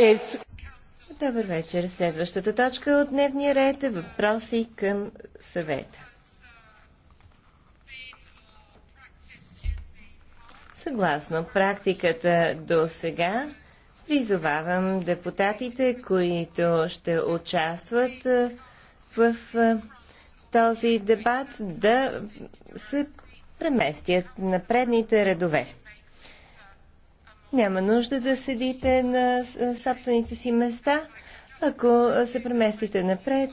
Is... Добър вечер. Следващата точка от дневния ред е въпроси към съвета. Съгласно практиката до сега, призовавам депутатите, които ще участват в този дебат, да се преместят на предните редове. Няма нужда да седите на собствените си места, ако се преместите напред.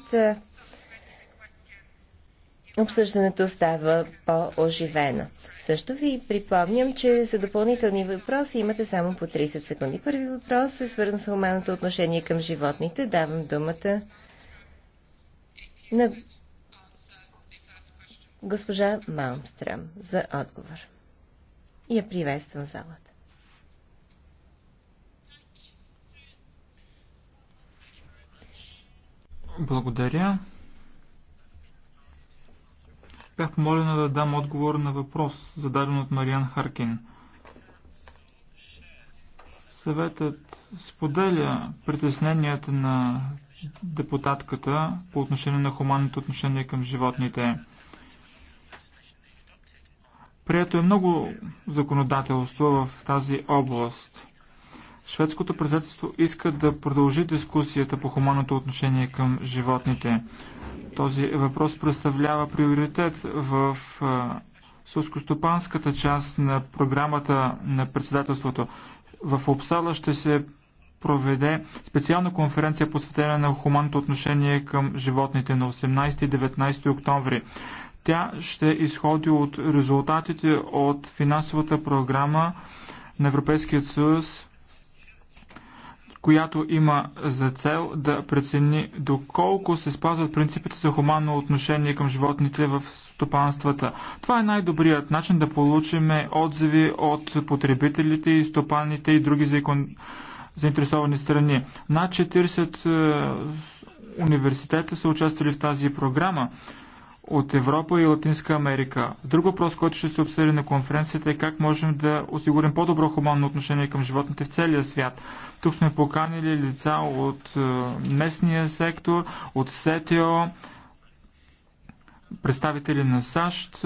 Обсъждането става по-оживено. Също ви припомням, че за допълнителни въпроси имате само по 30 секунди. Първи въпрос е свързан с хуманното отношение към животните. Давам думата на госпожа Малмстрам за отговор. Я приветствам залата. Благодаря. Бях помолена да дам отговор на въпрос, зададен от Мариан Харкин. Съветът споделя притесненията на депутатката по отношение на хуманните отношение към животните. Прието е много законодателство в тази област. Шведското председателство иска да продължи дискусията по хуманното отношение към животните. Този въпрос представлява приоритет в сълскостопанската част на програмата на председателството. В Обсала ще се проведе специална конференция посветена на хуманното отношение към животните на 18 и 19 октомври. Тя ще изходи от резултатите от финансовата програма на Европейския съюз която има за цел да прецени доколко се спазват принципите за хуманно отношение към животните в стопанствата. Това е най-добрият начин да получим отзиви от потребителите и стопаните и други заинтересовани страни. Над 40 е, университета са участвали в тази програма от Европа и Латинска Америка. Друг въпрос, който ще се обсъди на конференцията е как можем да осигурим по-добро хуманно отношение към животните в целия свят. Тук сме поканили лица от е, местния сектор, от СТО, представители на САЩ.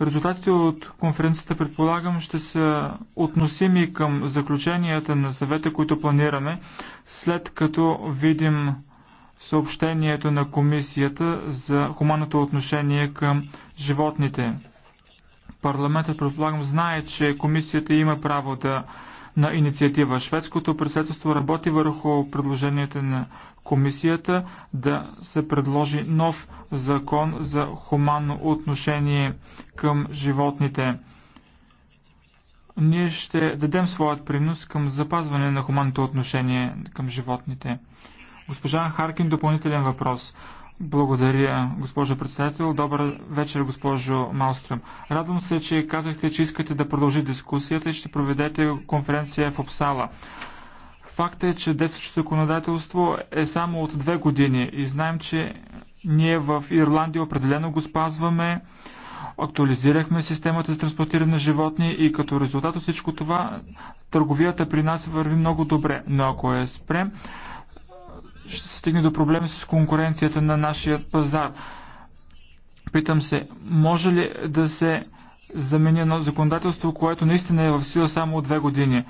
Резултатите от конференцията, предполагам, ще са относими към заключенията на съвета, които планираме, след като видим съобщението на Комисията за хуманното отношение към животните. Парламентът, предполагам, знае, че Комисията има право да на инициатива. Шведското председателство работи върху предложенията на комисията да се предложи нов закон за хуманно отношение към животните. Ние ще дадем своят принос към запазване на хуманното отношение към животните. Госпожа Харкин, допълнителен въпрос. Благодаря, госпожо председател. Добър вечер, госпожо Малстрем. Радвам се, че казахте, че искате да продължи дискусията и ще проведете конференция в Обсала. Факт е, че действащото законодателство е само от две години и знаем, че ние в Ирландия определено го спазваме. Актуализирахме системата за транспортиране на животни и като резултат от всичко това търговията при нас върви много добре. Но ако е спрем, ще се стигне до проблеми с конкуренцията на нашия пазар. Питам се, може ли да се замени едно законодателство, което наистина е в сила само от две години?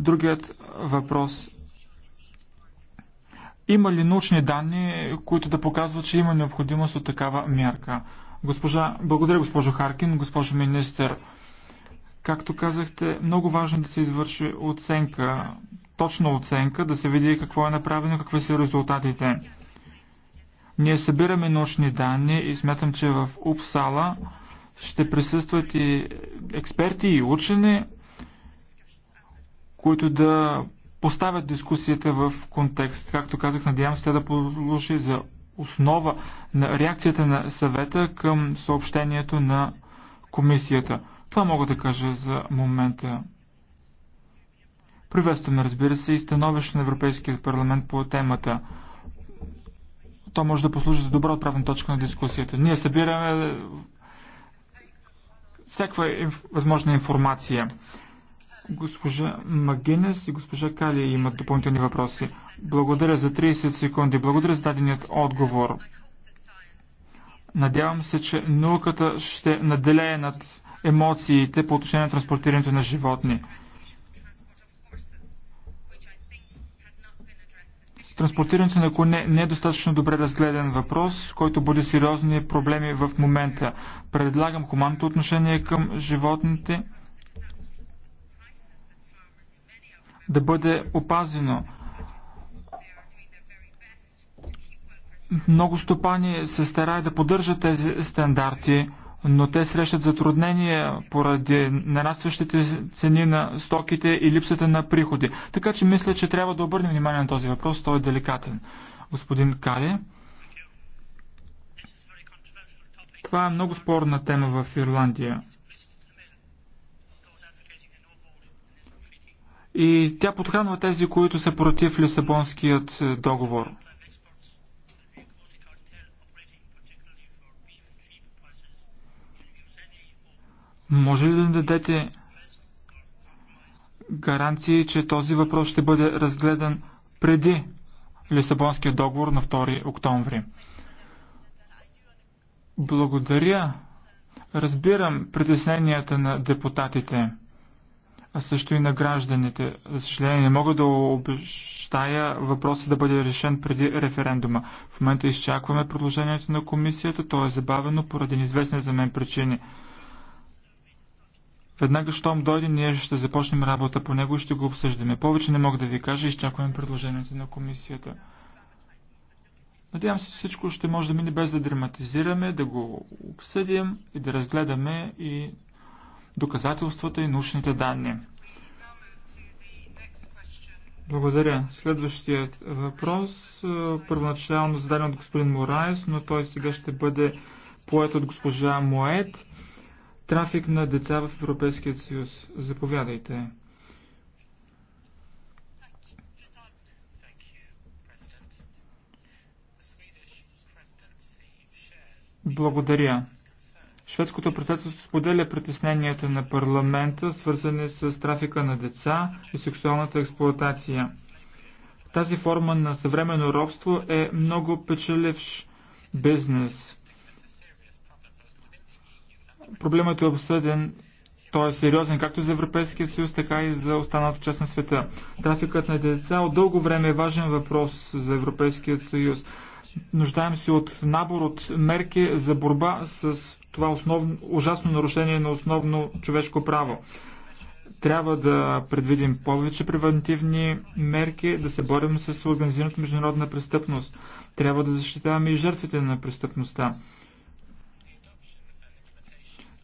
Другият въпрос. Има ли научни данни, които да показват, че има необходимост от такава мярка? Госпожа, благодаря, госпожо Харкин, госпожо министър. Както казахте, много важно е да се извърши оценка точна оценка, да се види какво е направено, какви са резултатите. Ние събираме научни данни и смятам, че в Упсала ще присъстват и експерти и учени, които да поставят дискусията в контекст. Както казах, надявам се да послужи за основа на реакцията на съвета към съобщението на комисията. Това мога да кажа за момента. Приветстваме, разбира се, и становище на Европейския парламент по темата. То може да послужи за добра отправна точка на дискусията. Ние събираме е, всякаква инф... възможна информация. Госпожа Магинес и госпожа Кали имат допълнителни въпроси. Благодаря за 30 секунди. Благодаря за даденият отговор. Надявам се, че науката ще наделее над емоциите по отношение на транспортирането на животни. Транспортирането на коне не е достатъчно добре разгледан въпрос, който буди сериозни проблеми в момента. Предлагам хуманното отношение към животните да бъде опазено. Много стопани се старае да поддържат тези стандарти, но те срещат затруднения поради нарастващите цени на стоките и липсата на приходи. Така че мисля, че трябва да обърнем внимание на този въпрос, той е деликатен. Господин Кали, това е много спорна тема в Ирландия. И тя подхранва тези, които са против Лисабонският договор. Може ли да дадете гаранции, че този въпрос ще бъде разгледан преди Лисабонския договор на 2 октомври? Благодаря. Разбирам притесненията на депутатите, а също и на гражданите. За съжаление, не мога да обещая въпроса да бъде решен преди референдума. В момента изчакваме предложението на комисията, то е забавено поради неизвестни за мен причини. Веднага, щом дойде, ние ще започнем работа по него и ще го обсъждаме. Повече не мога да ви кажа, изчакваме предложението на комисията. Надявам се, всичко ще може да мине без да драматизираме, да го обсъдим и да разгледаме и доказателствата и научните данни. Благодаря. Следващият въпрос, е, първоначално зададен от господин Морайс, но той сега ще бъде поет от госпожа Моет трафик на деца в Европейския съюз. Заповядайте. Благодаря. Шведското председателство споделя притесненията на парламента, свързани с трафика на деца и сексуалната експлоатация. Тази форма на съвременно робство е много печеливш бизнес. Проблемът е обсъден, той е сериозен както за Европейския съюз, така и за останалата част на света. Трафикът на деца от дълго време е важен въпрос за Европейския съюз. Нуждаем се от набор от мерки за борба с това основно, ужасно нарушение на основно човешко право. Трябва да предвидим повече превентивни мерки, да се борим с организираната международна престъпност. Трябва да защитаваме и жертвите на престъпността.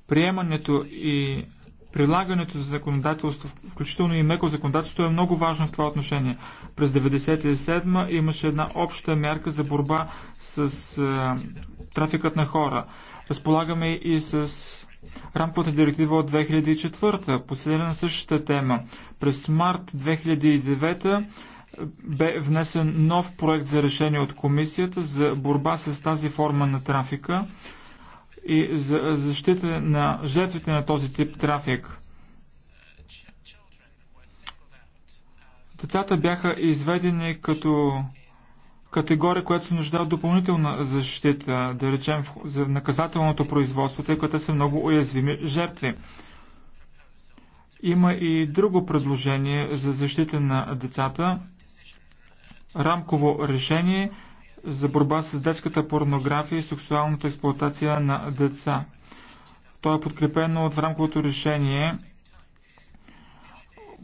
Приемането и прилагането за законодателство, включително и меко законодателство, е много важно в това отношение. През 1997 имаше една обща мярка за борба с е, трафикът на хора. Разполагаме и с рамковата директива от 2004, последена на същата тема. През март 2009 е, бе внесен нов проект за решение от комисията за борба с тази форма на трафика и за защита на жертвите на този тип трафик. Децата бяха изведени като категория, която се нуждае от допълнителна защита, да речем за наказателното производство, тъй като са много уязвими жертви. Има и друго предложение за защита на децата. Рамково решение – за борба с детската порнография и сексуалната експлуатация на деца. То е подкрепено от рамковото решение,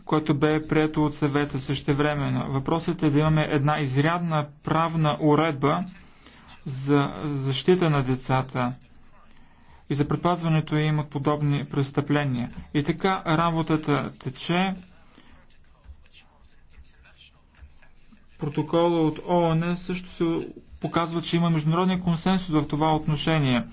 което бе прието от съвета същевременно. Въпросът е да имаме една изрядна правна уредба за защита на децата и за предпазването им от подобни престъпления. И така работата тече. протокола от ООН също се показва, че има международен консенсус в това отношение.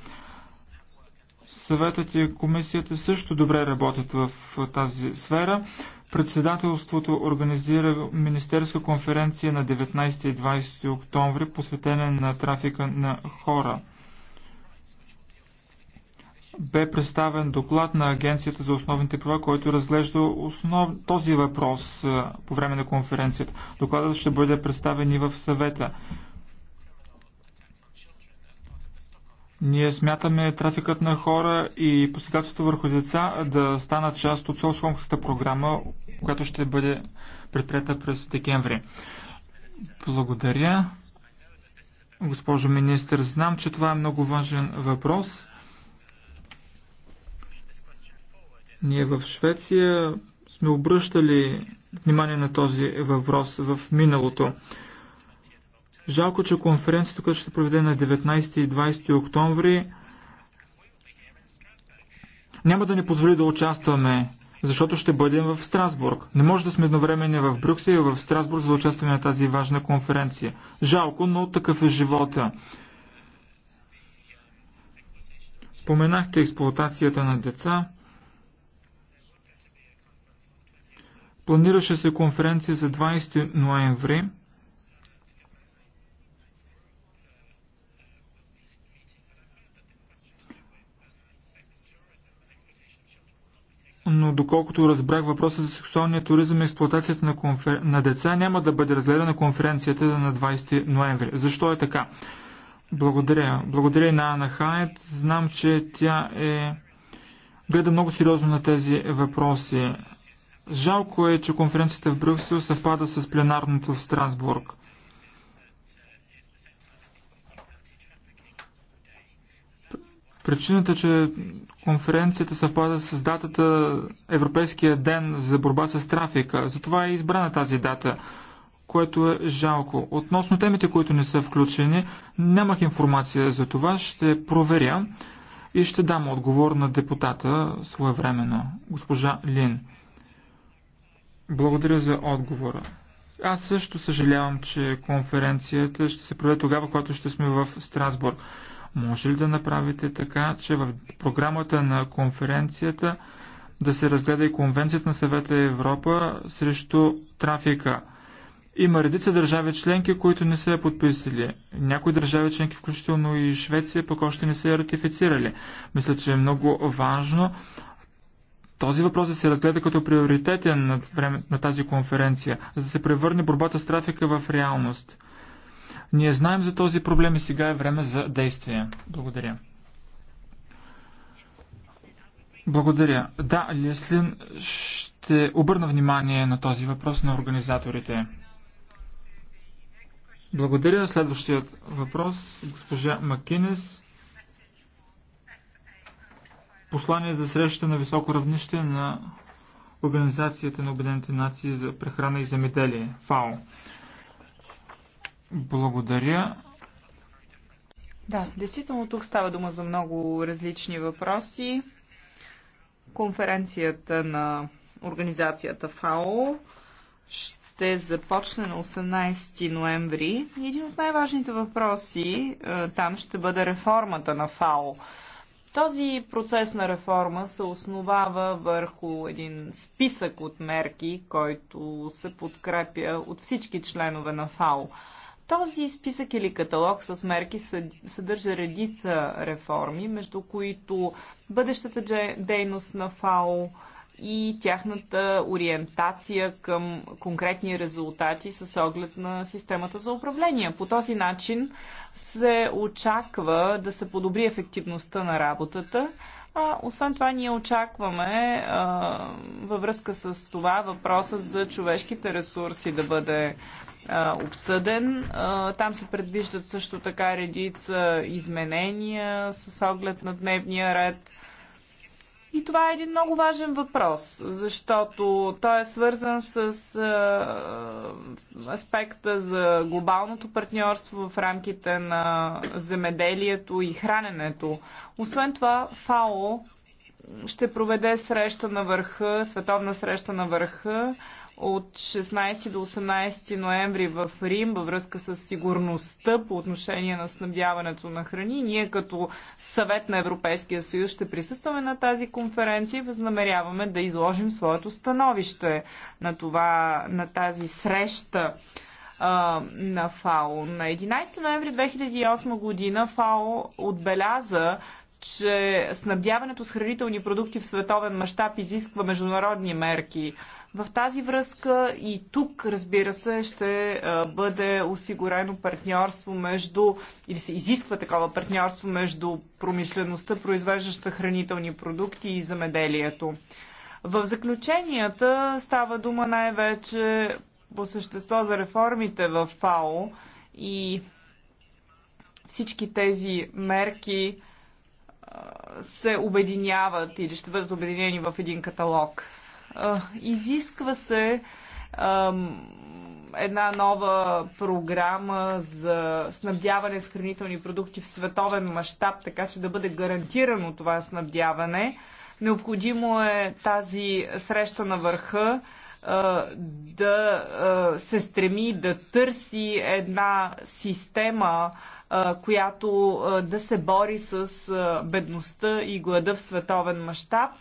Съветът и комисията също добре работят в тази сфера. Председателството организира Министерска конференция на 19 и 20 октомври, посветена на трафика на хора бе представен доклад на Агенцията за основните права, който разглежда основ... този въпрос по време на конференцията. Докладът ще бъде представен и в съвета. Ние смятаме трафикът на хора и посегателството върху деца да станат част от Солсхомската програма, която ще бъде предприета през декември. Благодаря. Госпожо министр, знам, че това е много важен въпрос. Ние в Швеция сме обръщали внимание на този въпрос в миналото. Жалко, че конференцията, която ще се проведе на 19 и 20 октомври, няма да ни позволи да участваме, защото ще бъдем в Страсбург. Не може да сме едновременно в Брюксел и в Страсбург, за да участваме на тази важна конференция. Жалко, но такъв е живота. Споменахте експлуатацията на деца. Планираше се конференция за 20 ноември. но доколкото разбрах въпроса за сексуалния туризъм и експлуатацията на, конфер... на деца няма да бъде разгледана конференцията на 20 ноември. Защо е така? Благодаря. Благодаря и на Ана Хайет. Знам, че тя е... гледа много сериозно на тези въпроси. Жалко е, че конференцията в Брюксел съвпада с пленарното в Страсбург. Причината, че конференцията съвпада с датата Европейския ден за борба с трафика. Затова е избрана тази дата, което е жалко. Относно темите, които не са включени, нямах информация за това. Ще проверя и ще дам отговор на депутата своевременно, госпожа Лин. Благодаря за отговора. Аз също съжалявам, че конференцията ще се проведе тогава, когато ще сме в Страсбург. Може ли да направите така, че в програмата на конференцията да се разгледа и Конвенцията на съвета Европа срещу трафика? Има редица държави членки, които не са я подписали. Някои държави членки, включително и Швеция, пък още не са я ратифицирали. Мисля, че е много важно този въпрос да се разгледа като приоритетен на, време, на тази конференция, за да се превърне борбата с трафика в реалност. Ние знаем за този проблем и сега е време за действие. Благодаря. Благодаря. Да, Леслин, ще обърна внимание на този въпрос на организаторите. Благодаря. Следващият въпрос, госпожа Макинес послание за среща на високо равнище на Организацията на Обединените нации за прехрана и земеделие, ФАО. Благодаря. Да, действително тук става дума за много различни въпроси. Конференцията на организацията ФАО ще започне на 18 ноември. Един от най-важните въпроси е, там ще бъде реформата на ФАО. Този процес на реформа се основава върху един списък от мерки, който се подкрепя от всички членове на ФАО. Този списък или каталог с мерки съдържа редица реформи, между които бъдещата дейност на ФАО, и тяхната ориентация към конкретни резултати с оглед на системата за управление. По този начин се очаква да се подобри ефективността на работата. А, освен това, ние очакваме а, във връзка с това въпросът за човешките ресурси да бъде обсъден. Там се предвиждат също така редица изменения с оглед на дневния ред. И това е един много важен въпрос, защото той е свързан с а, е, аспекта за глобалното партньорство в рамките на земеделието и храненето. Освен това, ФАО ще проведе среща на върха, световна среща на върха от 16 до 18 ноември в Рим във връзка с сигурността по отношение на снабдяването на храни. Ние като съвет на Европейския съюз ще присъстваме на тази конференция и възнамеряваме да изложим своето становище на, това, на тази среща на ФАО. На 11 ноември 2008 година ФАО отбеляза че снабдяването с хранителни продукти в световен мащаб изисква международни мерки. В тази връзка и тук, разбира се, ще бъде осигурено партньорство между, или се изисква такова партньорство между промишлеността, произвеждаща хранителни продукти и замеделието. В заключенията става дума най-вече по същество за реформите в ФАО и всички тези мерки, се обединяват или ще бъдат обединени в един каталог. Изисква се една нова програма за снабдяване с хранителни продукти в световен мащаб, така че да бъде гарантирано това снабдяване. Необходимо е тази среща на върха да се стреми да търси една система, която да се бори с бедността и глада в световен мащаб.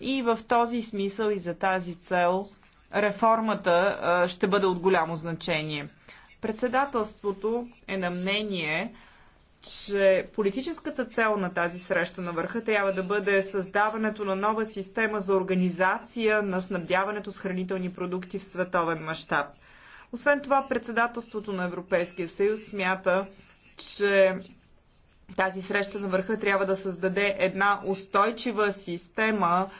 И в този смисъл и за тази цел реформата ще бъде от голямо значение. Председателството е на мнение, че политическата цел на тази среща на върха трябва да бъде създаването на нова система за организация на снабдяването с хранителни продукти в световен мащаб. Освен това, председателството на Европейския съюз смята, че тази среща на върха трябва да създаде една устойчива система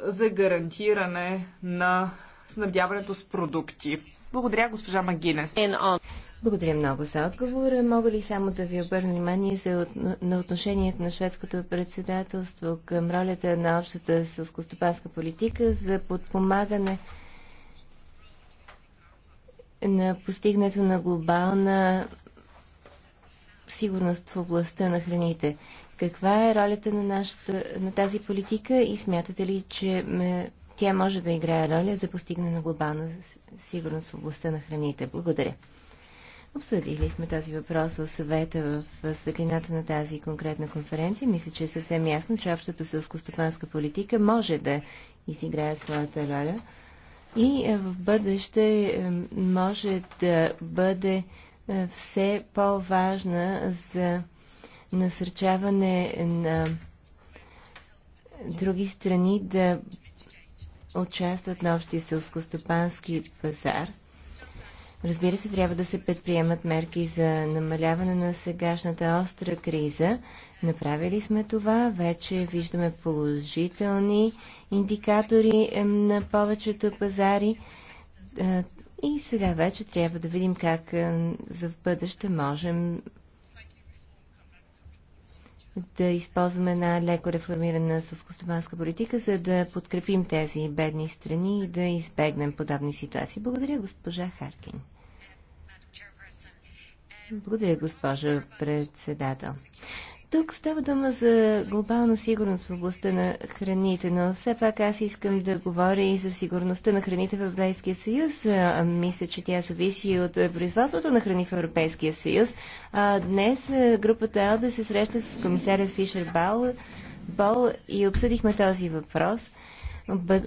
за гарантиране на снабдяването с продукти. Благодаря, госпожа Магинес. Благодаря много за отговора. Мога ли само да ви обърна внимание за, на отношението на шведското председателство към ролята на общата сълскостопанска политика за подпомагане на постигнето на глобална сигурност в областта на храните. Каква е ролята на, нашата, на тази политика и смятате ли, че ме, тя може да играе роля за постигане на глобална сигурност в областта на храните? Благодаря. Обсъдили сме този въпрос в съвета в светлината на тази конкретна конференция. Мисля, че е съвсем ясно, че общата селскостопанска политика може да изиграе своята роля и е, в бъдеще е, може да бъде е, все по-важна за насърчаване на други страни да участват на общия селскостопански пазар. Разбира се, трябва да се предприемат мерки за намаляване на сегашната остра криза, Направили сме това, вече виждаме положителни индикатори е, на повечето пазари е, и сега вече трябва да видим как е, за в бъдеще можем да използваме една леко реформирана сълскостопанска политика, за да подкрепим тези бедни страни и да избегнем подобни ситуации. Благодаря, госпожа Харкин. Благодаря, госпожа председател. Тук става дума за глобална сигурност в областта на храните, но все пак аз искам да говоря и за сигурността на храните в Европейския съюз. мисля, че тя зависи от производството на храни в Европейския съюз. А, днес групата АЛДА се среща с комисаря Фишер Бол и обсъдихме този въпрос –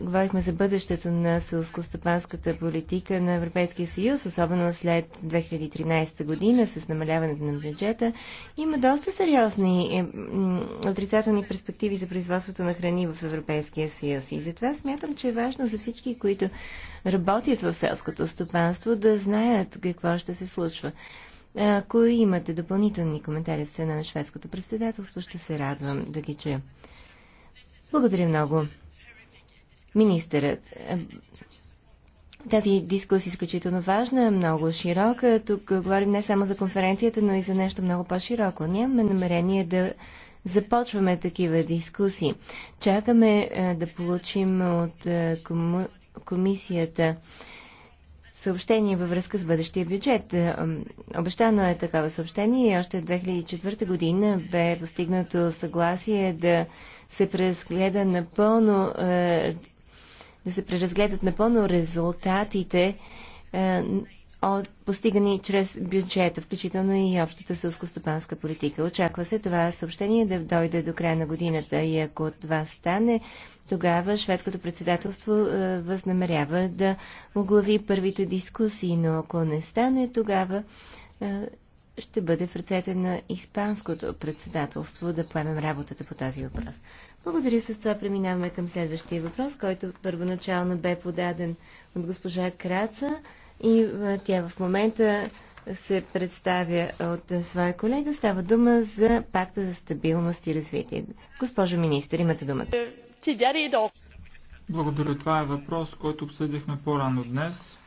говорихме за бъдещето на сълскостопанската политика на Европейския съюз, особено след 2013 година с намаляването на бюджета. Има доста сериозни е, отрицателни перспективи за производството на храни в Европейския съюз. И затова смятам, че е важно за всички, които работят в селското стопанство, да знаят какво ще се случва. Ако имате допълнителни коментари с цена на шведското председателство, ще се радвам да ги чуя. Благодаря много министърът. Тази дискусия е изключително важна, много широка. Тук говорим не само за конференцията, но и за нещо много по-широко. Нямаме намерение да започваме такива дискусии. Чакаме е, да получим от е, комисията съобщение във връзка с бъдещия бюджет. Е, обещано е такава съобщение и още 2004 година бе постигнато съгласие да се преразгледа напълно да се преразгледат напълно резултатите е, от постигани чрез бюджета, включително и общата сълскостопанска политика. Очаква се това съобщение да дойде до края на годината и ако това стане, тогава шведското председателство е, възнамерява да оглави първите дискусии, но ако не стане, тогава е, ще бъде в ръцете на Испанското председателство да поемем работата по тази въпрос. Благодаря. С това преминаваме към следващия въпрос, който първоначално бе подаден от госпожа Краца и е, тя в момента се представя от е, своя колега. Става дума за пакта за стабилност и развитие. Госпожо министър, имате думата. Благодаря. Това е въпрос, който обсъдихме по-рано днес.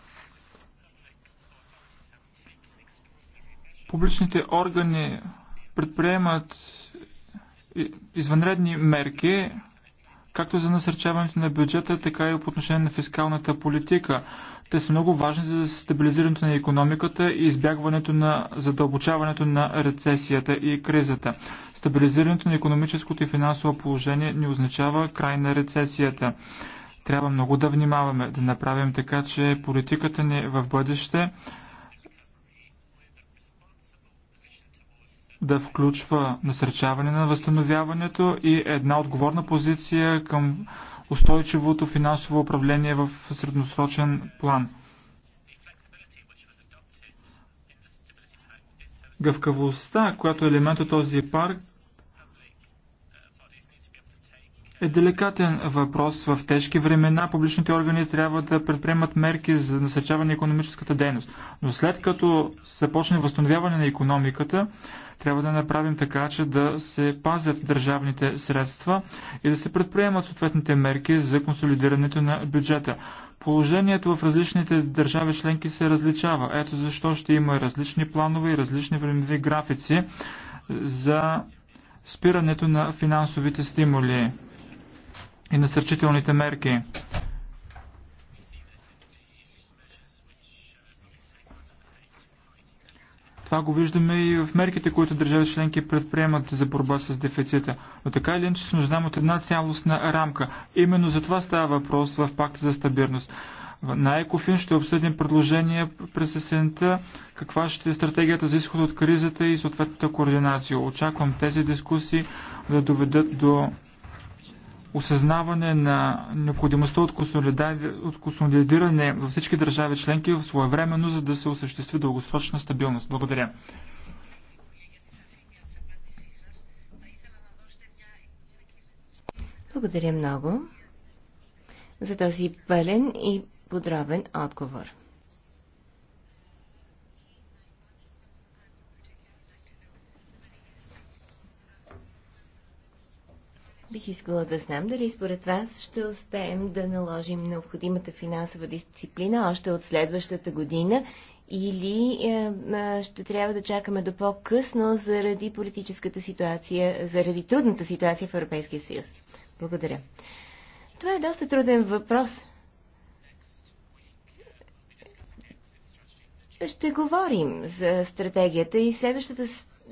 Публичните органи предприемат извънредни мерки, както за насърчаването на бюджета, така и по отношение на фискалната политика. Те са много важни за стабилизирането на економиката и избягването на задълбочаването на рецесията и кризата. Стабилизирането на економическото и финансово положение не означава край на рецесията. Трябва много да внимаваме, да направим така, че политиката ни в бъдеще да включва насърчаване на възстановяването и една отговорна позиция към устойчивото финансово управление в средносрочен план. Гъвкавостта, която е елемент от този парк, е деликатен въпрос. В тежки времена публичните органи трябва да предприемат мерки за насърчаване на економическата дейност. Но след като се почне възстановяване на економиката, трябва да направим така, че да се пазят държавните средства и да се предприемат съответните мерки за консолидирането на бюджета. Положението в различните държави членки се различава. Ето защо ще има различни планове и различни времеви графици за спирането на финансовите стимули и насърчителните мерки. Това го виждаме и в мерките, които държави членки предприемат за борба с дефицита. Но така или иначе се нуждаем от една цялостна рамка. Именно за това става въпрос в пакта за стабилност. На Екофин ще обсъдим предложения през есента, каква ще е стратегията за изход от кризата и съответната координация. Очаквам тези дискусии да доведат до осъзнаване на необходимостта от консолидиране във всички държави членки в своевременно, за да се осъществи дългосрочна стабилност. Благодаря. Благодаря много за този пълен и подробен отговор. Бих искала да знам дали според вас ще успеем да наложим необходимата финансова дисциплина още от следващата година или е, е, ще трябва да чакаме до по-късно заради политическата ситуация, заради трудната ситуация в Европейския съюз. Благодаря. Това е доста труден въпрос. Ще говорим за стратегията и следващата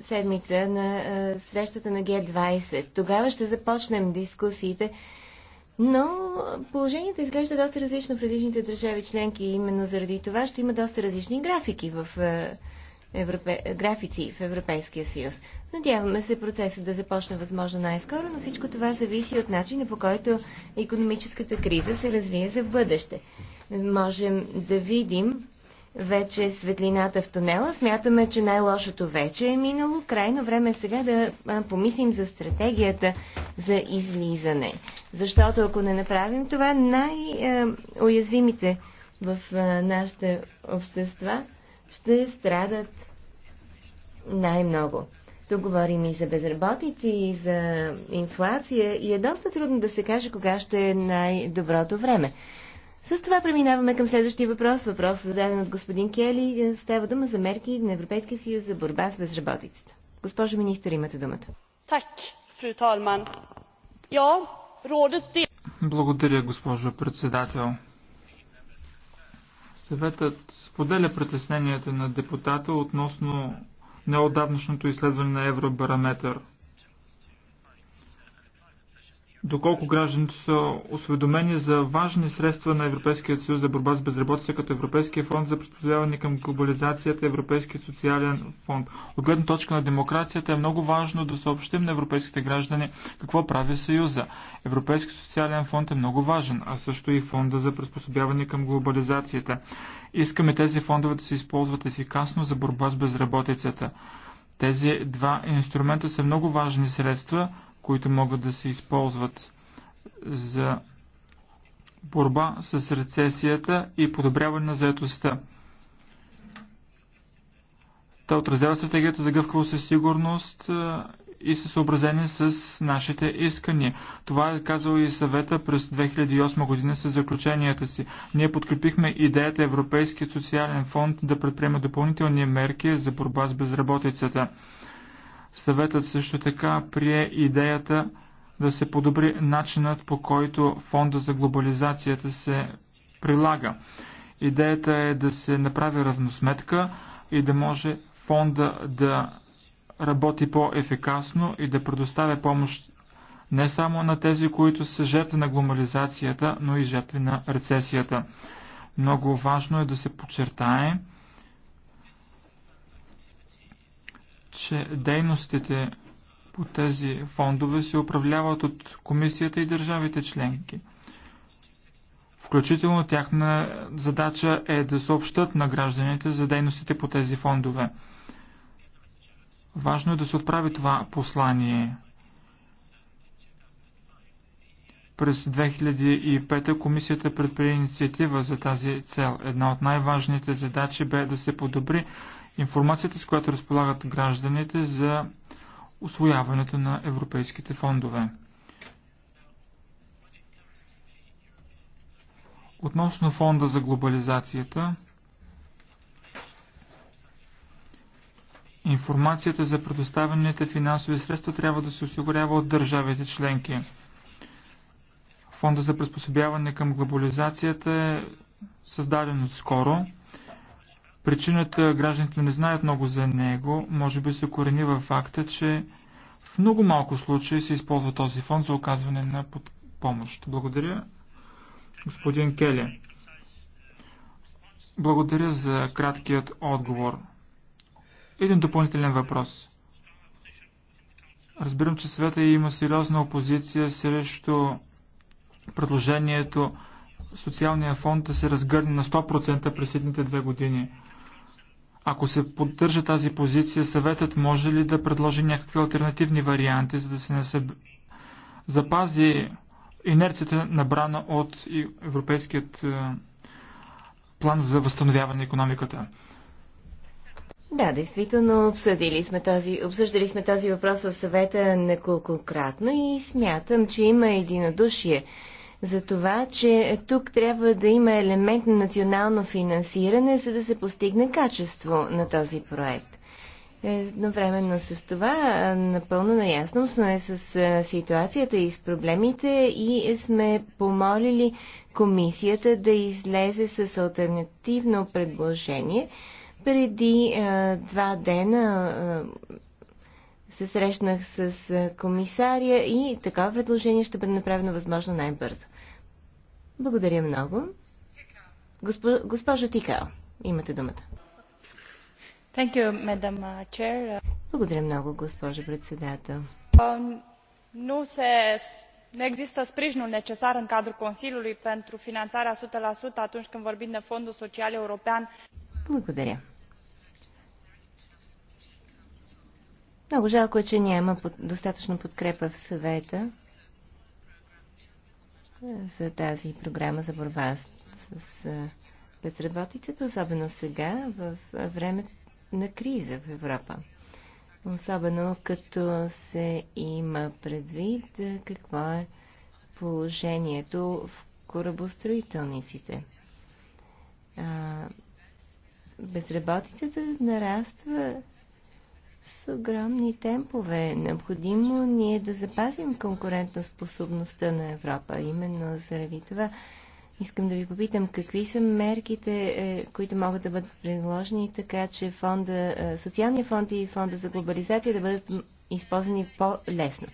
седмица на срещата на Г20. Тогава ще започнем дискусиите. Но положението изглежда доста различно в различните държави членки. Именно заради това ще има доста различни графики в Европе... графици в Европейския съюз. Надяваме се процесът да започне възможно най-скоро, но всичко това зависи от начина по който економическата криза се развие за в бъдеще. Можем да видим вече е светлината в тунела. Смятаме, че най-лошото вече е минало. Крайно време е сега да помислим за стратегията за излизане. Защото ако не направим това, най-уязвимите в нашите общества ще страдат най-много. Тук говорим и за безработици, и за инфлация и е доста трудно да се каже кога ще е най-доброто време. С това преминаваме към следващия въпрос. Въпрос зададен от господин Кели. Става дума за мерки на Европейския съюз за борба с безработицата. Госпожо министър, имате думата. Так, фру талман. Я, родът ти... Благодаря, госпожо председател. Съветът споделя притесненията на депутата относно неодавнашното изследване на Евробараметър – доколко гражданите са осведомени за важни средства на Европейския съюз за борба с безработица, като Европейския фонд за приспособяване към глобализацията, Европейския социален фонд. От гледна точка на демокрацията е много важно да съобщим на европейските граждани какво прави Съюза. Европейския социален фонд е много важен, а също и фонда за приспособяване към глобализацията. Искаме тези фондове да се използват ефикасно за борба с безработицата. Тези два инструмента са много важни средства, които могат да се използват за борба с рецесията и подобряване на заетостта. Та отразява стратегията за гъвкаво със сигурност и със съобразени с нашите искания. Това е казал и съвета през 2008 година с заключенията си. Ние подкрепихме идеята Европейският социален фонд да предприеме допълнителни мерки за борба с безработицата. Съветът също така прие идеята да се подобри начинът по който фонда за глобализацията се прилага. Идеята е да се направи равносметка и да може фонда да работи по-ефикасно и да предоставя помощ не само на тези, които са жертви на глобализацията, но и жертви на рецесията. Много важно е да се подчертае, че дейностите по тези фондове се управляват от комисията и държавите членки. Включително тяхна задача е да съобщат на гражданите за дейностите по тези фондове. Важно е да се отправи това послание. През 2005 комисията предприе инициатива за тази цел. Една от най-важните задачи бе да се подобри информацията, с която разполагат гражданите за освояването на европейските фондове. Относно фонда за глобализацията, информацията за предоставените финансови средства трябва да се осигурява от държавите членки. Фонда за приспособяване към глобализацията е създаден от скоро. Причината гражданите не знаят много за него, може би се корени във факта, че в много малко случаи се използва този фонд за оказване на помощ. Благодаря, господин Келе. Благодаря за краткият отговор. Един допълнителен въпрос. Разбирам, че света има сериозна опозиция срещу предложението социалния фонд да се разгърне на 100% през следните две години. Ако се поддържа тази позиция, съветът може ли да предложи някакви альтернативни варианти, за да се не запази инерцията набрана от Европейският е, план за възстановяване на економиката? Да, действително обсъдили сме този, обсъждали сме този въпрос в съвета неколкократно и смятам, че има единодушие за това, че тук трябва да има елемент на национално финансиране, за да се постигне качество на този проект. Едновременно с това напълно наясно сме с ситуацията и с проблемите и сме помолили комисията да излезе с альтернативно предложение. Преди два дена се срещнах с комисария и такова предложение ще бъде направено възможно най-бързо. Благодаря много. Госпо... Госпожо Тикао, имате думата. Thank you, madam, uh, chair. Благодаря много, госпожо председател. există necesar în cadrul Consiliului pentru finanțarea 100% atunci când vorbim de Fondul Social European. Благодаря. Много жалко е, че няма под... достатъчно подкрепа в съвета е, за тази програма за борба с, с е, безработицата, особено сега, в е, време на криза в Европа. Особено като се има предвид какво е положението в корабостроителниците. А, безработицата нараства с огромни темпове. Необходимо ние да запазим конкурентоспособността на Европа. Именно заради това искам да ви попитам какви са мерките, е, които могат да бъдат предложени, така че фонда, е, социалния фонд и фонда за глобализация да бъдат използвани по-лесно.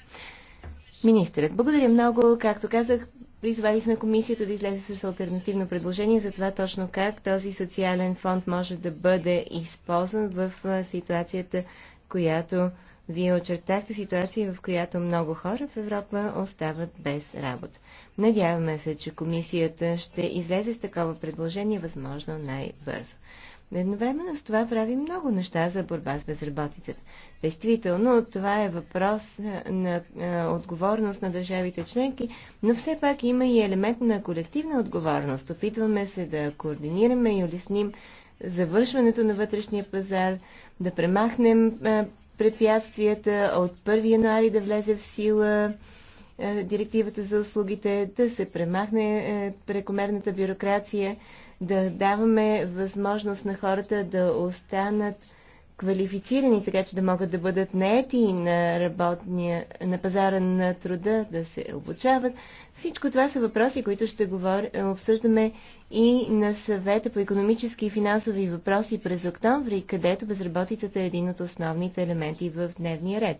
Министърът, благодаря много. Както казах, призвали сме комисията да излезе с альтернативно предложение за това точно как този социален фонд може да бъде използван в е, ситуацията която вие очертахте ситуация, в която много хора в Европа остават без работа. Надяваме се, че комисията ще излезе с такова предложение възможно най-бързо. Едновременно с това прави много неща за борба с безработицата. Действително, това е въпрос е, на е, отговорност на държавите членки, но все пак има и елемент на колективна отговорност. Опитваме се да координираме и улесним завършването на вътрешния пазар, да премахнем препятствията от 1 януари да влезе в сила директивата за услугите, да се премахне прекомерната бюрокрация, да даваме възможност на хората да останат квалифицирани, така че да могат да бъдат наети на, работния, на пазара на труда, да се обучават. Всичко това са въпроси, които ще говор... обсъждаме и на съвета по економически и финансови въпроси през октомври, където безработицата е един от основните елементи в дневния ред.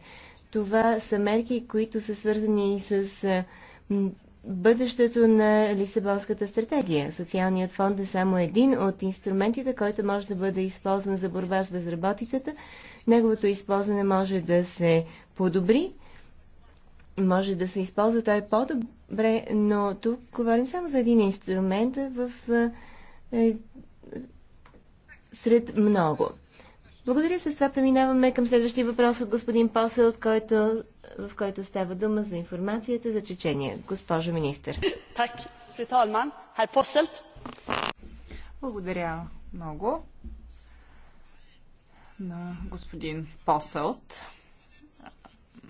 Това са мерки, които са свързани с бъдещето на Лисабонската стратегия. Социалният фонд е само един от инструментите, който може да бъде използван за борба с безработицата. Неговото използване може да се подобри, може да се използва той по-добре, но тук говорим само за един инструмент в, е, сред много. Благодаря. С това преминаваме към следващия въпрос от господин Посел, от който в който става дума за информацията за Чечения. Госпожо министър. Так, Фриталман хер Поселт. Благодаря много на господин Поселт.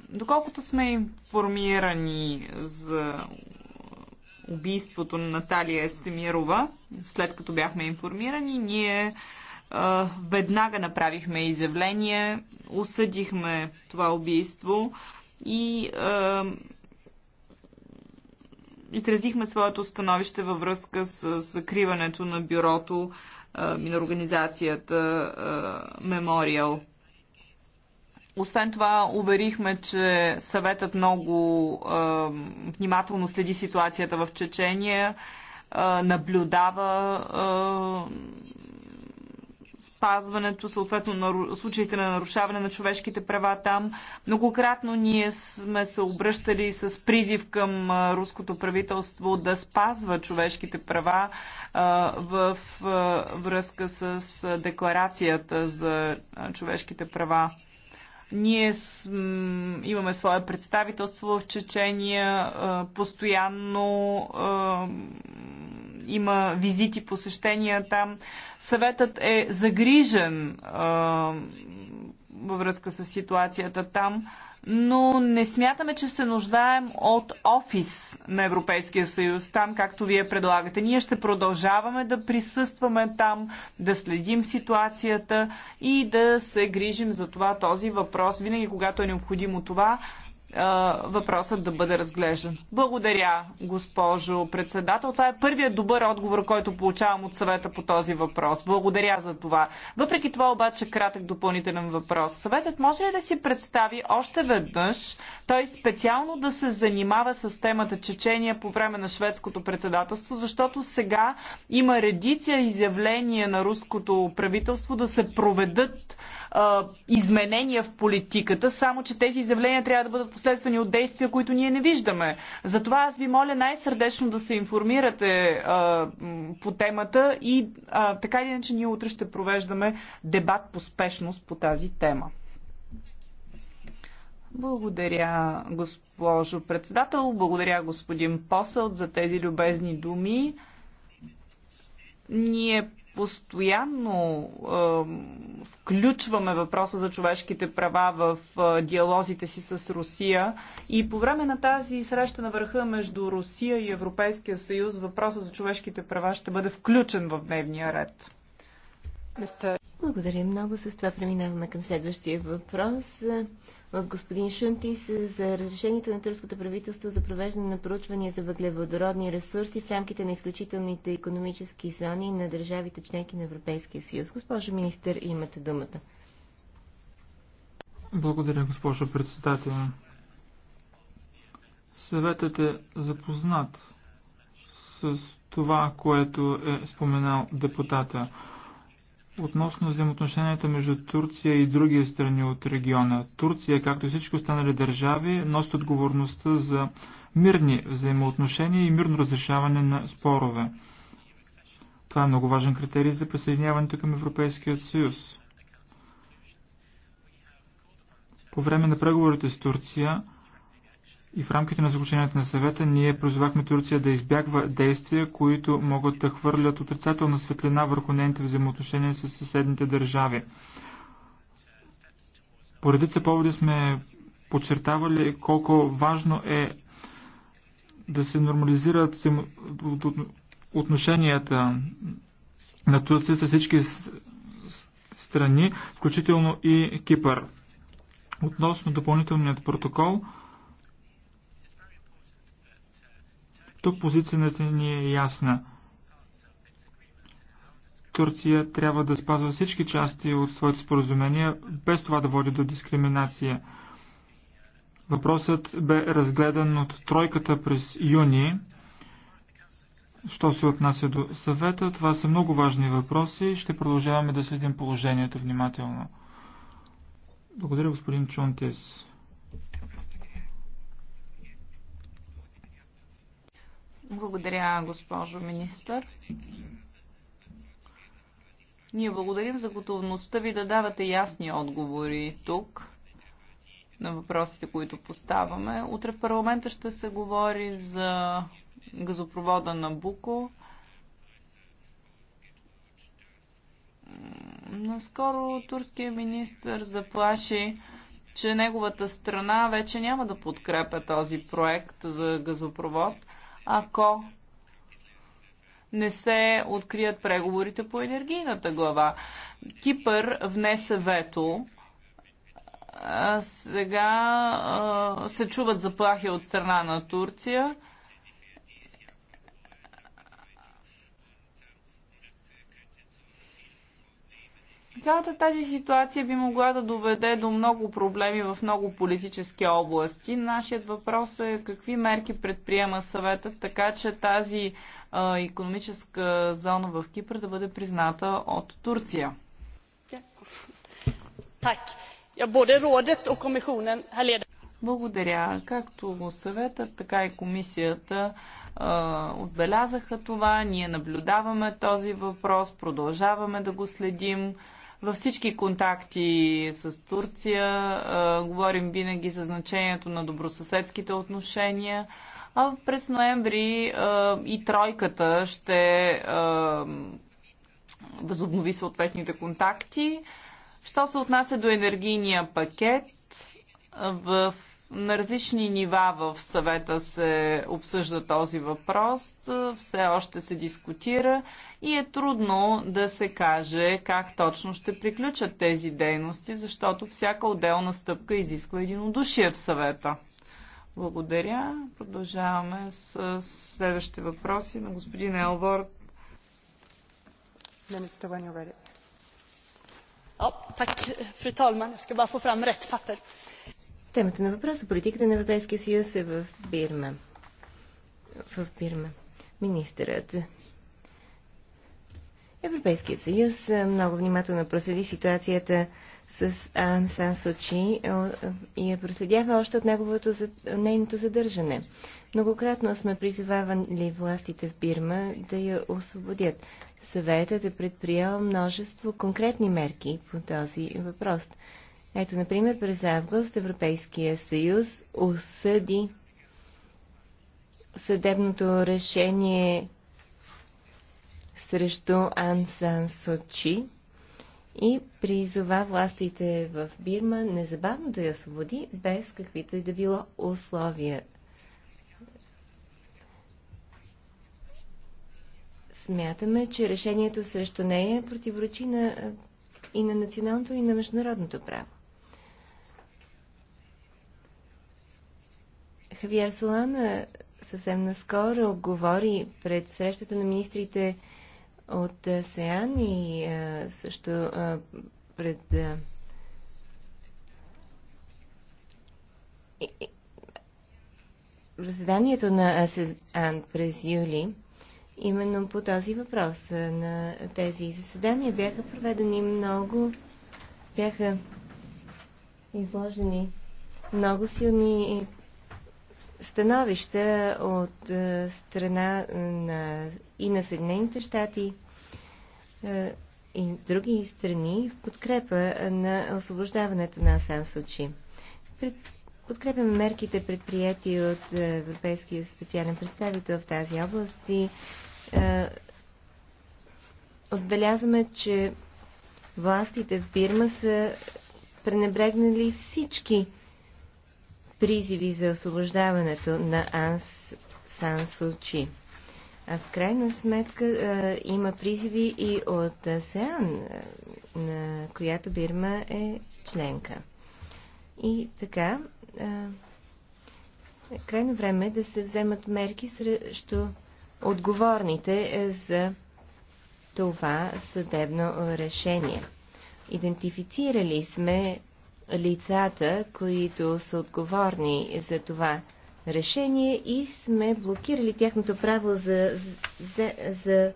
Доколкото сме информирани за убийството на Наталия Естемирова, след като бяхме информирани, ние веднага направихме изявление, осъдихме това убийство, и а, изразихме своето становище във връзка с закриването на бюрото и на организацията Мемориал. Освен това, уверихме, че съветът много а, внимателно следи ситуацията в Чечения, а, наблюдава а, спазването, съответно на случаите на нарушаване на човешките права там. Многократно ние сме се обръщали с призив към руското правителство да спазва човешките права в връзка с декларацията за човешките права. Ние имаме свое представителство в Чечения, постоянно има визити, посещения там. Съветът е загрижен а, във връзка с ситуацията там, но не смятаме, че се нуждаем от офис на Европейския съюз, там както вие предлагате. Ние ще продължаваме да присъстваме там, да следим ситуацията и да се грижим за това този въпрос, винаги когато е необходимо това, въпросът да бъде разглеждан. Благодаря, госпожо председател. Това е първият добър отговор, който получавам от съвета по този въпрос. Благодаря за това. Въпреки това обаче кратък допълнителен въпрос. Съветът може ли да си представи още веднъж той специално да се занимава с темата Чечения по време на шведското председателство, защото сега има редиция изявления на руското правителство да се проведат изменения в политиката, само че тези изявления трябва да бъдат последствани от действия, които ние не виждаме. Затова аз ви моля най-сърдечно да се информирате а, по темата и а, така или иначе ние утре ще провеждаме дебат по спешност по тази тема. Благодаря, госпожо председател. Благодаря, господин Посъл, за тези любезни думи. Ние постоянно е, включваме въпроса за човешките права в е, диалозите си с Русия. И по време на тази среща на върха между Русия и Европейския съюз въпроса за човешките права ще бъде включен в дневния ред. Благодаря много. С това преминаваме към следващия въпрос от господин Шунтис за разрешението на турското правителство за провеждане на проучвания за въглеводородни ресурси в рамките на изключителните економически зони на държавите членки на Европейския съюз. Госпожо министър, имате думата. Благодаря, госпожо председател. Съветът е запознат с това, което е споменал депутата. Относно взаимоотношенията между Турция и други страни от региона, Турция, както и всички останали държави, носи отговорността за мирни взаимоотношения и мирно разрешаване на спорове. Това е много важен критерий за присъединяването към Европейския съюз. По време на преговорите с Турция, и в рамките на заключението на съвета ние призовахме Турция да избягва действия, които могат да хвърлят отрицателна светлина върху нейните взаимоотношения с съседните държави. По редица поводи сме подчертавали колко важно е да се нормализират отношенията на Турция с всички страни, включително и Кипър. Относно допълнителният протокол, Тук позицията ни е ясна. Турция трябва да спазва всички части от своите споразумения, без това да води до дискриминация. Въпросът бе разгледан от тройката през юни. Що се отнася до съвета, това са много важни въпроси. Ще продължаваме да следим положението внимателно. Благодаря, господин Чонтес. Благодаря, госпожо министър. Ние благодарим за готовността ви да давате ясни отговори тук на въпросите, които поставаме. Утре в парламента ще се говори за газопровода на Буко. Наскоро турския министр заплаши, че неговата страна вече няма да подкрепя този проект за газопровод ако не се открият преговорите по енергийната глава. Кипър внесе вето. сега се чуват заплахи от страна на Турция. Цялата тази ситуация би могла да доведе до много проблеми в много политически области. Нашият въпрос е какви мерки предприема съветът, така че тази а, економическа зона в Кипър да бъде призната от Турция. Благодаря. Както съветът, така и комисията отбелязаха това, ние наблюдаваме този въпрос, продължаваме да го следим. Във всички контакти с Турция а, говорим винаги за значението на добросъседските отношения. А през ноември а, и тройката ще а, възобнови съответните контакти. Що се отнася до енергийния пакет, в на различни нива в съвета се обсъжда този въпрос, все още се дискутира и е трудно да се каже как точно ще приключат тези дейности, защото всяка отделна стъпка изисква единодушие в съвета. Благодаря. Продължаваме с следващите въпроси на господин Елвор. Fru talman! Jag ska bara få fram rätt papper. Темата на въпроса политиката на Европейския съюз е в Бирма. В Бирма. Министърът. Европейският съюз много внимателно проследи ситуацията с Ан Сан Сочи и я проследява още от неговото, нейното задържане. Многократно сме призовавали властите в Бирма да я освободят. Съветът е предприел множество конкретни мерки по този въпрос. Ето, например, през август Европейския съюз осъди съдебното решение срещу Ан Сан Сочи и призова властите в Бирма незабавно да я освободи без каквито и да било условия. Смятаме, че решението срещу нея противоречи на, и на националното, и на международното право. Хавиер Солана съвсем наскоро говори пред срещата на министрите от СЕАН и също пред. заседанието на СЕАН през юли, именно по този въпрос на тези заседания бяха проведени много, бяха изложени много силни становища от е, страна на, и на Съединените щати е, и други страни в подкрепа на освобождаването на Асан Сучи. Пред, подкрепяме мерките предприяти от е, Европейския специален представител в тази област и е, отбелязваме, че властите в Бирма са пренебрегнали всички призиви за освобождаването на Анс Сан Сучи. А в крайна сметка а, има призиви и от АСЕАН, на която Бирма е членка. И така, а, крайно време е да се вземат мерки срещу отговорните за това съдебно решение. Идентифицирали сме лицата, които са отговорни за това решение и сме блокирали тяхното право за, за, за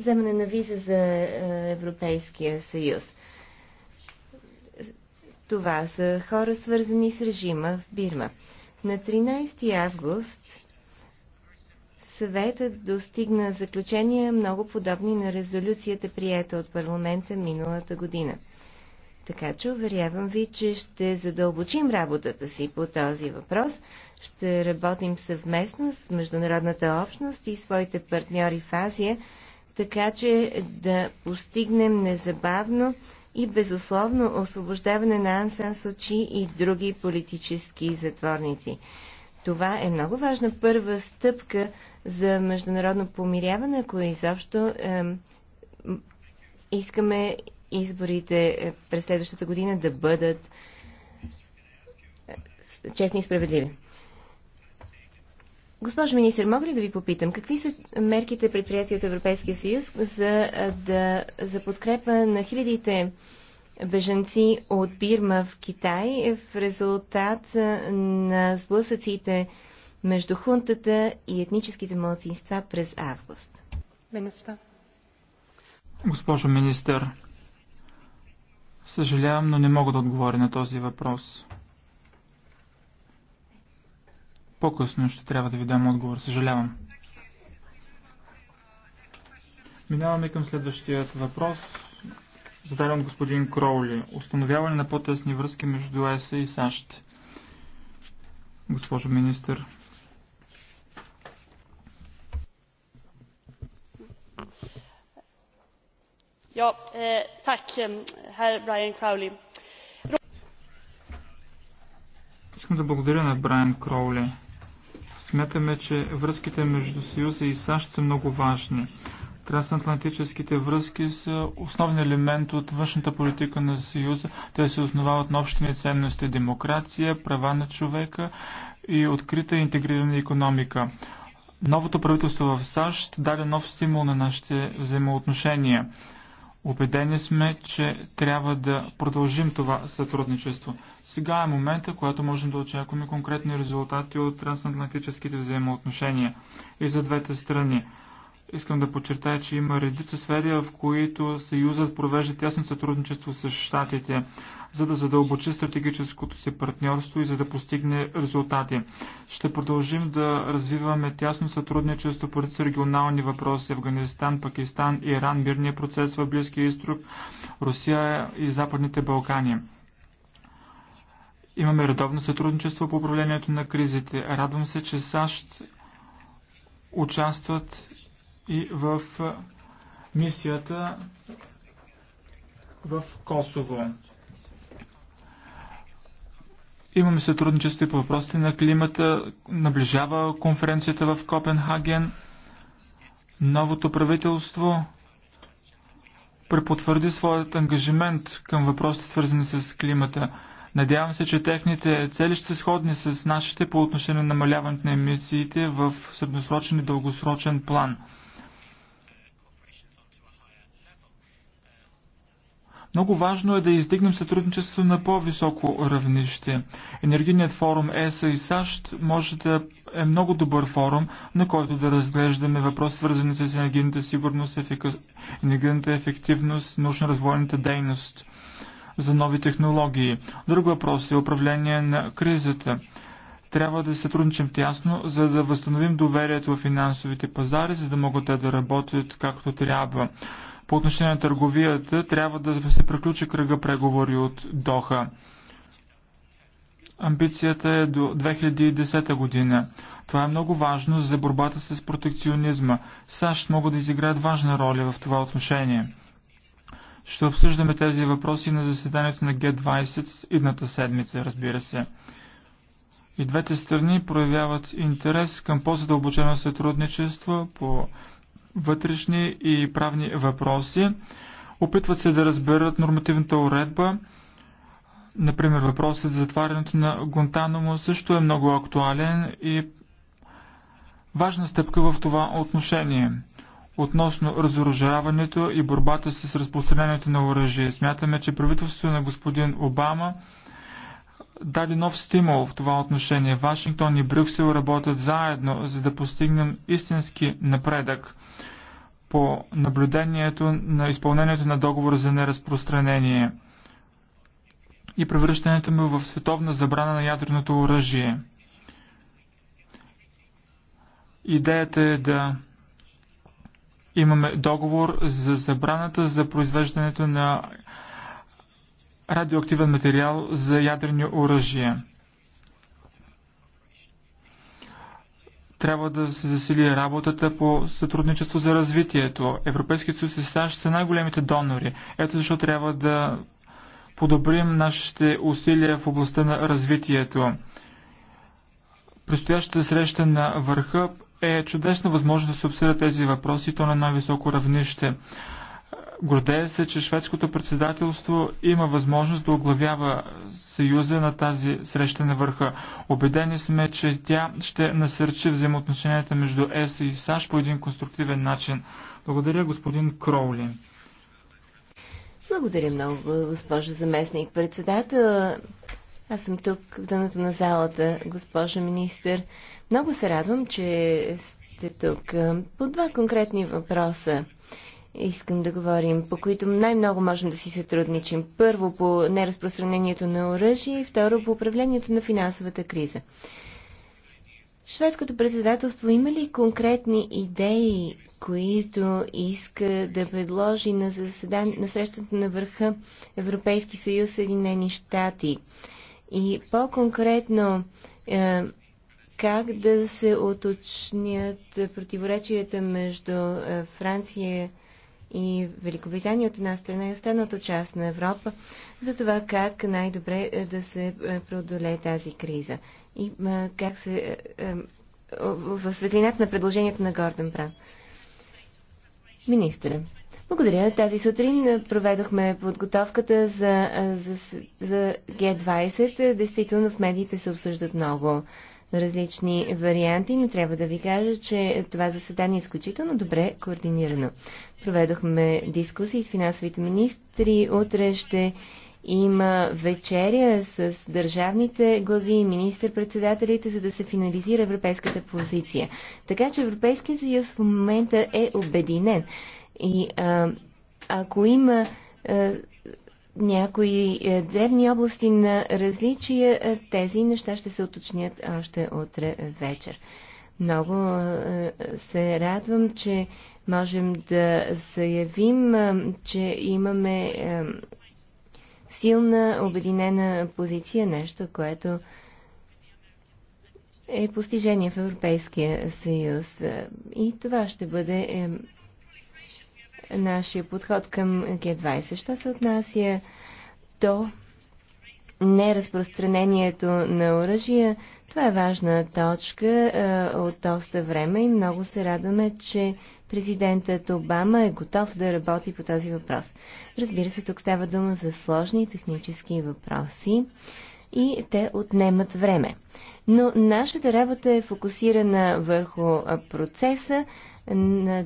вземане на виза за е, Европейския съюз. Това са хора свързани с режима в Бирма. На 13 август съветът достигна заключения много подобни на резолюцията, прията от парламента миналата година – така че уверявам ви, че ще задълбочим работата си по този въпрос. Ще работим съвместно с международната общност и своите партньори в Азия, така че да постигнем незабавно и безусловно освобождаване на Ансан Сочи и други политически затворници. Това е много важна първа стъпка за международно помиряване, ако изобщо е, искаме изборите е, през следващата година да бъдат е, честни и справедливи. Госпожо министр, мога ли да ви попитам, какви са мерките предприятия от Европейския съюз за, е, да, за подкрепа на хилядите бежанци от Бирма в Китай в резултат на сблъсъците между хунтата и етническите младсинства през август? Министър. Госпожо министър, Съжалявам, но не мога да отговоря на този въпрос. По-късно ще трябва да ви дам отговор. Съжалявам. Минаваме към следващия въпрос, зададен от господин Кроули. Установяване на по-тесни връзки между ЕС и САЩ. Госпожо министър, Eh, eh, Искам да благодаря на Брайан Кроули. Смятаме, че връзките между Съюза и САЩ са много важни. Трансатлантическите връзки са основен елемент от външната политика на Съюза. Те се основават на общини ценности демокрация, права на човека и открита и интегрирана економика. Новото правителство в САЩ даде нов стимул на нашите взаимоотношения. Обедени сме, че трябва да продължим това сътрудничество. Сега е момента, когато можем да очакваме конкретни резултати от трансатлантическите взаимоотношения и за двете страни. Искам да подчертая, че има редица сфери, в които Съюзът провежда тясно сътрудничество с Штатите, за да задълбочи стратегическото си партньорство и за да постигне резултати. Ще продължим да развиваме тясно сътрудничество по регионални въпроси Афганистан, Пакистан, Иран, мирния процес в Близкия изток, Русия и Западните Балкани. Имаме редовно сътрудничество по управлението на кризите. Радвам се, че САЩ участват и в мисията в Косово. Имаме сътрудничество и по въпросите на климата. Наближава конференцията в Копенхаген. Новото правителство препотвърди своят ангажимент към въпросите свързани с климата. Надявам се, че техните цели ще са сходни с нашите по отношение на намаляването на емисиите в средносрочен и дългосрочен план. Много важно е да издигнем сътрудничеството на по-високо равнище. Енергийният форум ЕСА и САЩ може да е много добър форум, на който да разглеждаме въпроси, свързани с енергийната сигурност, енергийната ефективност, научно-развойната дейност за нови технологии. Друг въпрос е управление на кризата. Трябва да сътрудничим тясно, за да възстановим доверието в финансовите пазари, за да могат те да работят както трябва по отношение на търговията трябва да се приключи кръга преговори от Доха. Амбицията е до 2010 година. Това е много важно за борбата с протекционизма. САЩ могат да изиграят важна роля в това отношение. Ще обсъждаме тези въпроси на заседанието на Г-20 идната седмица, разбира се. И двете страни проявяват интерес към по-задълбочено сътрудничество по вътрешни и правни въпроси. Опитват се да разберат нормативната уредба. Например, въпросът за затварянето на Гонтанамо също е много актуален и важна стъпка в това отношение. Относно разоръжаването и борбата с разпространението на оръжие, смятаме, че правителството на господин Обама даде нов стимул в това отношение. Вашингтон и Брюксел работят заедно, за да постигнем истински напредък по наблюдението на изпълнението на договор за неразпространение и превръщането му в световна забрана на ядреното оръжие. Идеята е да имаме договор за забраната за произвеждането на радиоактивен материал за ядрени оръжия. трябва да се засили работата по сътрудничество за развитието. Европейският съюз и САЩ са най-големите донори. Ето защо трябва да подобрим нашите усилия в областта на развитието. Предстоящата среща на върха е чудесна възможност да се обсъдят тези въпроси, то на най-високо равнище. Гордея се, че шведското председателство има възможност да оглавява съюза на тази среща на върха. Обедени сме, че тя ще насърчи взаимоотношенията между ЕС и САЩ по един конструктивен начин. Благодаря, господин Кроули. Благодаря много, госпожо заместник председател. Аз съм тук в дъното на залата, госпожа министър. Много се радвам, че сте тук. По два конкретни въпроса искам да говорим, по които най-много можем да си сътрудничим. Първо по неразпространението на оръжие и второ по управлението на финансовата криза. Шведското председателство има ли конкретни идеи, които иска да предложи на, заседан... на срещата на върха Европейски съюз Съединени щати? И по-конкретно, е, как да се оточнят противоречията между е, Франция и Великобритания от една страна и останалата част на Европа за това как най-добре е, да се е, преодолее тази криза и е, как се в светлината на предложението на Гордън Бран. Министъра, благодаря. Тази сутрин проведохме подготовката за, за, за G20. Действително в медиите се обсъждат много различни варианти, но трябва да ви кажа, че това заседание е изключително добре координирано. Проведохме дискусии с финансовите министри. Утре ще има вечеря с държавните глави и министър-председателите, за да се финализира европейската позиция. Така че Европейския съюз в момента е обединен. И а, ако има а, някои е, древни области на различия, е, тези неща ще се уточнят още утре вечер. Много е, се радвам, че можем да заявим, че имаме силна, обединена позиция, нещо, което е постижение в Европейския съюз. И това ще бъде нашия подход към Г20. Що се отнася до неразпространението на оръжия, това е важна точка а, от доста време и много се радваме, че президентът Обама е готов да работи по този въпрос. Разбира се, тук става дума за сложни технически въпроси и те отнемат време. Но нашата работа е фокусирана върху процеса на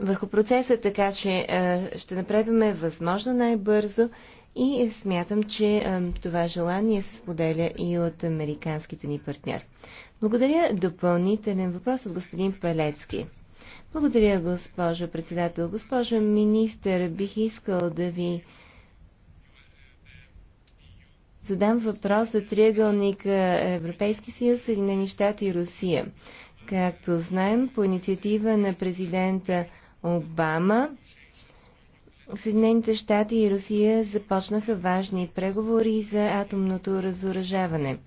върху процеса, така че ще напредваме възможно най-бързо и смятам, че това желание се споделя и от американските ни партньори. Благодаря. Допълнителен въпрос от господин Пелецки. Благодаря, госпожо председател. Госпожо министър, бих искал да ви задам въпрос за триъгълника Европейски съюз, Съединени щати и Русия. Както знаем, по инициатива на президента Обама, Съединените щати и Русия започнаха важни преговори за атомното разоръжаване.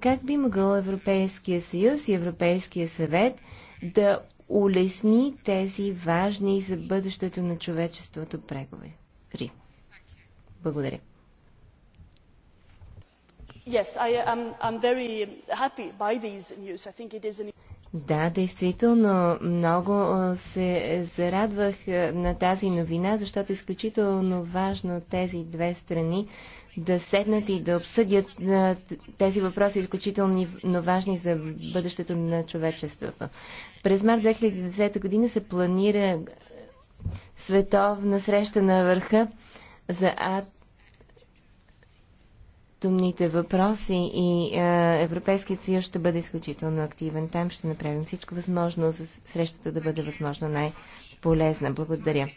Как би могъл Европейския съюз и Европейския съвет да улесни тези важни за бъдещето на човечеството преговори? Благодаря. Yes, I am um, I'm very happy by these news. I think it is an да, действително, много се зарадвах на тази новина, защото е изключително важно тези две страни да седнат и да обсъдят тези въпроси, изключително важни за бъдещето на човечеството. През март 2010 година се планира световна среща на върха за ад бездомните въпроси и а, е, Европейският съюз ще бъде изключително активен там. Ще направим всичко възможно за срещата да бъде възможно най-полезна. Благодаря.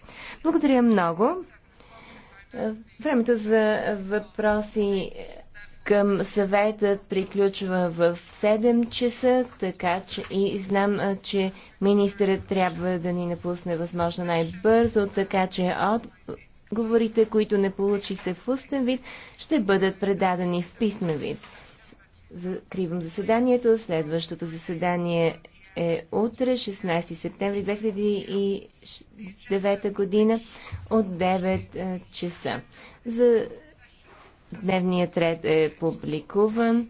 Благодаря много. Е, времето за въпроси към съветът приключва в 7 часа, така че и знам, е, че министърът трябва да ни напусне възможно най-бързо, така че от Говорите, които не получихте в устен вид, ще бъдат предадени в писмен вид. Закривам заседанието. Следващото заседание е утре, 16 септември 2009 година от 9 часа. За дневният ред е публикуван.